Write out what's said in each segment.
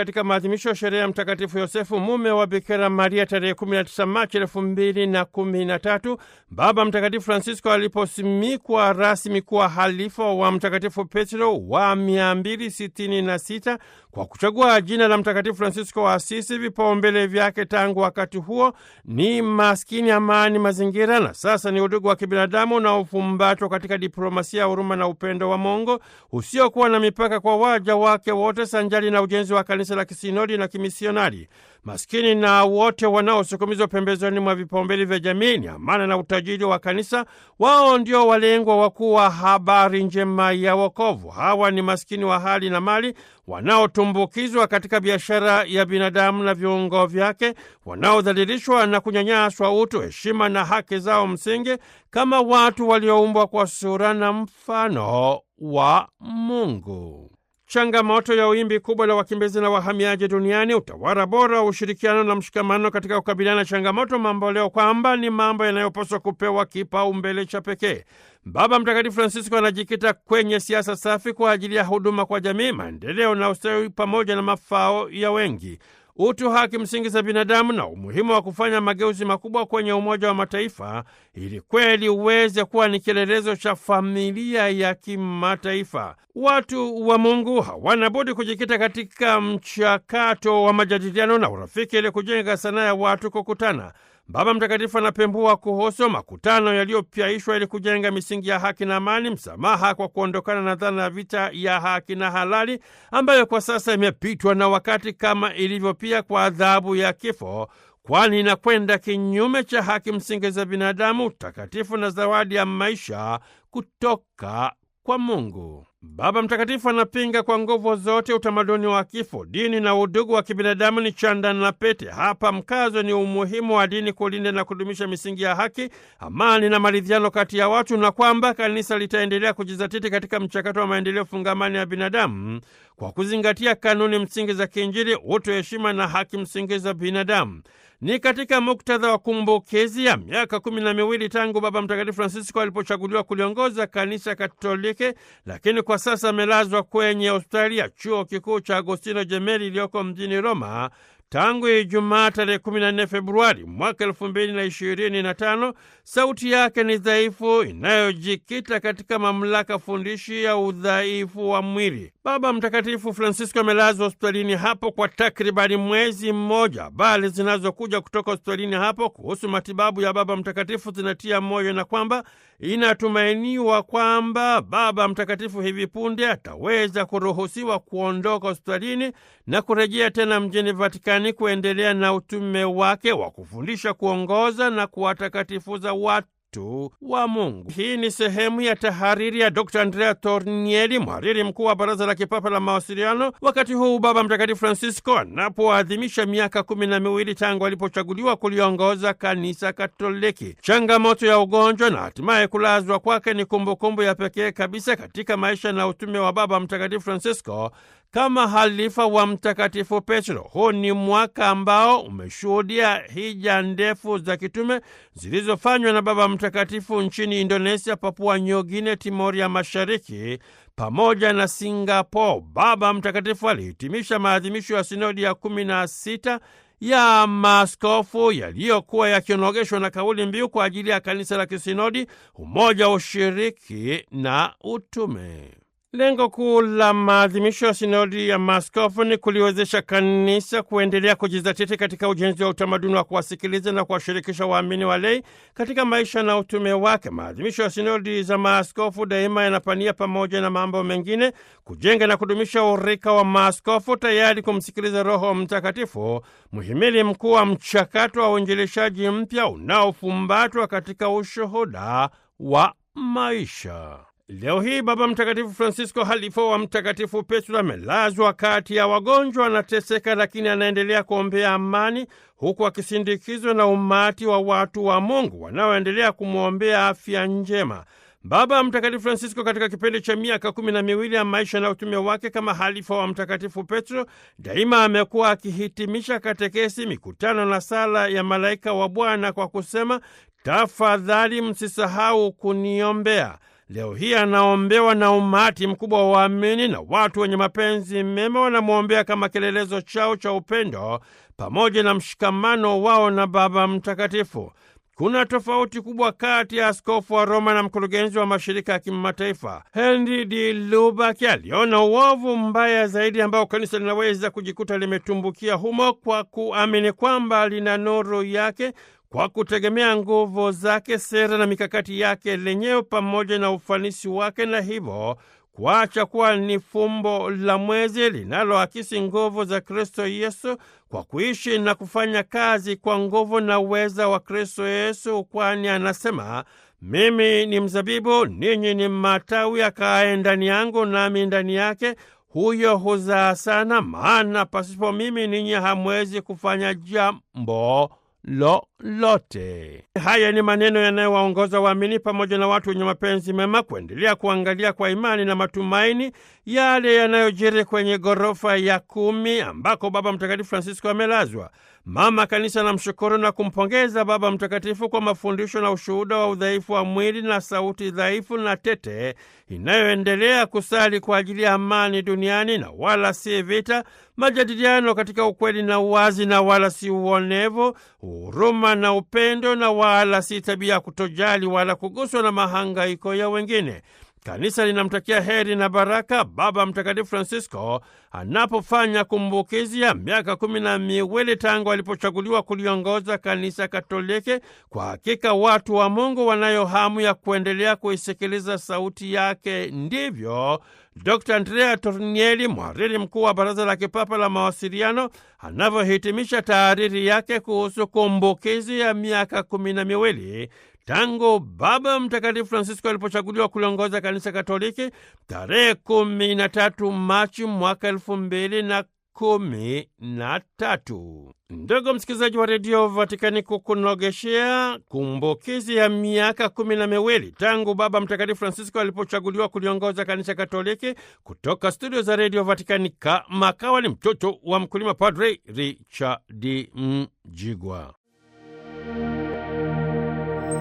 katika maadhimisho ya sherehe ya Mtakatifu Yosefu, mume wa Bikira Maria, tarehe 19 Machi 2013, Baba Mtakatifu Francisco aliposimikwa rasmi kuwa halifa wa Mtakatifu Petro wa 266 kwa kuchagua jina la Mtakatifu Fransisko wa Asisi, vipaumbele vyake tangu wakati huo ni maskini, amani, mazingira na sasa ni udugu wa kibinadamu unaofumbatwa katika diplomasia ya huruma na upendo wa Mungu usiokuwa na mipaka kwa waja wake wote, sanjali na ujenzi wa kanisa la kisinodi na kimisionari. Maskini na wote wanaosukumizwa pembezoni mwa vipaumbele vya jamii ni amana na utajiri wa kanisa. Wao ndio walengwa wakuu wa habari njema ya wokovu. Hawa ni maskini wa hali na mali wanaotumbukizwa katika biashara ya binadamu na viungo vyake, wanaodhalilishwa na kunyanyaswa utu, heshima na haki zao msingi, kama watu walioumbwa kwa sura na mfano wa Mungu changamoto ya wimbi kubwa la wakimbizi na wahamiaji duniani, utawala bora wa ushirikiano na mshikamano katika kukabiliana na changamoto mamboleo, kwamba ni mambo yanayopaswa kupewa kipaumbele cha pekee. Baba Mtakatifu Francisco anajikita kwenye siasa safi kwa ajili ya huduma kwa jamii, maendeleo na ustawi pamoja na mafao ya wengi utu, haki msingi za binadamu na umuhimu wa kufanya mageuzi makubwa kwenye Umoja wa Mataifa ili kweli uweze kuwa ni kielelezo cha familia ya kimataifa. Watu wa Mungu hawana budi kujikita katika mchakato wa majadiliano na urafiki ili kujenga sanaa ya watu kukutana Baba Mtakatifu anapembua kuhusu makutano yaliyopyaishwa ili kujenga misingi ya haki na amani, msamaha kwa kuondokana na dhana ya vita ya haki na halali ambayo kwa sasa imepitwa na wakati, kama ilivyo pia kwa adhabu ya kifo, kwani inakwenda kinyume cha haki msingi za binadamu, utakatifu na zawadi ya maisha kutoka kwa Mungu. Baba Mtakatifu anapinga kwa nguvu zote utamaduni wa kifo. Dini na udugu wa kibinadamu ni chanda na pete. Hapa mkazo ni umuhimu wa dini kulinda na kudumisha misingi ya haki, amani na maridhiano kati ya watu, na kwamba kanisa litaendelea kujizatiti katika mchakato wa maendeleo fungamani ya binadamu kwa kuzingatia kanuni msingi za kiinjili, utu, heshima na haki msingi za binadamu. Ni katika muktadha wa kumbukizi ya miaka kumi na miwili tangu Baba Mtakatifu Francisco alipochaguliwa kuliongoza Kanisa Katoliki, lakini kwa sasa amelazwa kwenye hospitali ya chuo kikuu cha Agostino Jemeli iliyoko mjini Roma tangu Ijumaa tarehe 14 Februari mwaka 2025. Sauti yake ni dhaifu, inayojikita katika mamlaka fundishi ya udhaifu wa mwili. Baba Mtakatifu Francisco amelazwa hospitalini hapo kwa takribani mwezi mmoja. Habari zinazokuja kutoka hospitalini hapo kuhusu matibabu ya Baba Mtakatifu zinatia moyo na kwamba inatumainiwa kwamba Baba Mtakatifu hivi punde ataweza kuruhusiwa kuondoka hospitalini na kurejea tena mjini Vatikani duniani kuendelea na utume wake wa kufundisha, kuongoza na kuwatakatifuza watu wa Mungu. Hii ni sehemu ya tahariri ya Dr. Andrea tornieli mhariri mkuu wa Baraza la Kipapa la Mawasiliano, wakati huu Baba Mtakatifu Francisco anapoadhimisha miaka kumi na miwili tangu alipochaguliwa kuliongoza Kanisa Katoliki. Changamoto ya ugonjwa na hatimaye kulazwa kwake ni kumbukumbu ya pekee kabisa katika maisha na utume wa Baba Mtakatifu Francisco kama halifa wa Mtakatifu Petro. Huu ni mwaka ambao umeshuhudia hija ndefu za kitume zilizofanywa na Baba Mtakatifu nchini Indonesia, Papua Nyogine, Timori ya Mashariki pamoja na Singapore. Baba Mtakatifu alihitimisha maadhimisho ya sinodi ya kumi na sita ya maaskofu yaliyokuwa yakionogeshwa na kauli mbiu kwa ajili ya kanisa la kisinodi, umoja, ushiriki na utume. Lengo kuu la maadhimisho ya sinodi ya maskofu ni kuliwezesha kanisa kuendelea kujizatiti katika ujenzi wa utamaduni wa kuwasikiliza na kuwashirikisha waamini walei katika maisha na utume wake. Maadhimisho ya sinodi za maaskofu daima yanapania, pamoja na mambo mengine, kujenga na kudumisha urika wa maaskofu tayari kumsikiliza Roho Mtakatifu, mhimili mkuu wa mchakato wa uinjilishaji mpya unaofumbatwa katika ushuhuda wa maisha. Leo hii Baba Mtakatifu Francisco, halifa wa Mtakatifu Petro, amelazwa kati ya wagonjwa, anateseka, lakini anaendelea kuombea amani, huku akisindikizwa na umati wa watu wa Mungu wanaoendelea kumwombea afya njema. Baba Mtakatifu Francisco katika kipindi cha miaka kumi na miwili ya maisha na utume wake kama halifa wa Mtakatifu Petro, daima amekuwa akihitimisha katekesi, mikutano na sala ya malaika wa Bwana kwa kusema, tafadhali msisahau kuniombea leo hii anaombewa na umati mkubwa wa waamini na watu wenye mapenzi mema wanamwombea kama kielelezo chao cha upendo pamoja na mshikamano wao na Baba Mtakatifu. Kuna tofauti kubwa kati ya askofu wa Roma na mkurugenzi wa mashirika ya kimataifa. Henry D. Lubaki aliona uovu mbaya zaidi ambao kanisa linaweza kujikuta limetumbukia humo, kwa kuamini kwamba lina nuru yake kwa kutegemea nguvu zake, sera na mikakati yake lenyewe pamoja na ufanisi wake, na hivyo kuacha kuwa ni fumbo la mwezi linaloakisi nguvu za Kristo Yesu kwa kuishi na kufanya kazi kwa nguvu na uweza wa Kristo Yesu, kwani anasema mimi ni mzabibu, ninyi ni matawi, akaaye ndani yangu nami ndani yake huyo huzaa sana, maana pasipo mimi ninyi hamwezi kufanya jambo lolote lote. Haya ni maneno yanayowaongoza waamini pamoja na watu wenye mapenzi mema kuendelea kuangalia kwa imani na matumaini yale yanayojiri kwenye ghorofa ya kumi ambako Baba Mtakatifu Francisco amelazwa. Mama Kanisa anamshukuru na kumpongeza Baba Mtakatifu kwa mafundisho na ushuhuda wa udhaifu wa mwili na sauti dhaifu na tete inayoendelea kusali kwa ajili ya amani duniani na wala si vita, majadiliano katika ukweli na uwazi na wala si uonevu, huruma huruma na upendo, na wala si tabia ya kutojali wala kuguswa na mahangaiko ya wengine. Kanisa linamtakia heri na baraka Baba Mtakatifu Francisco anapofanya kumbukizi ya miaka kumi na miwili tangu alipochaguliwa kuliongoza Kanisa Katoliki. Kwa hakika watu wa Mungu wanayo hamu ya kuendelea kuisikiliza sauti yake. Ndivyo Dr Andrea tornieli mhariri mkuu wa Baraza la Kipapa la Mawasiliano, anavyohitimisha taariri yake kuhusu kumbukizi ya miaka kumi na miwili tangu Baba Mtakatifu Francisco alipochaguliwa kuliongoza Kanisa Katoliki tarehe kumi na tatu Machi mwaka elfu mbili na kumi na tatu. Ndugu msikilizaji wa redio Vatikani, kukunogeshea kumbukizi ya miaka kumi na miwili tangu Baba Mtakatifu Francisco alipochaguliwa kuliongoza Kanisa Katoliki. Kutoka studio za redio Vatikani, kama kawa ni mtoto wa mkulima, Padre Richard Mjigwa.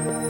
Thank you.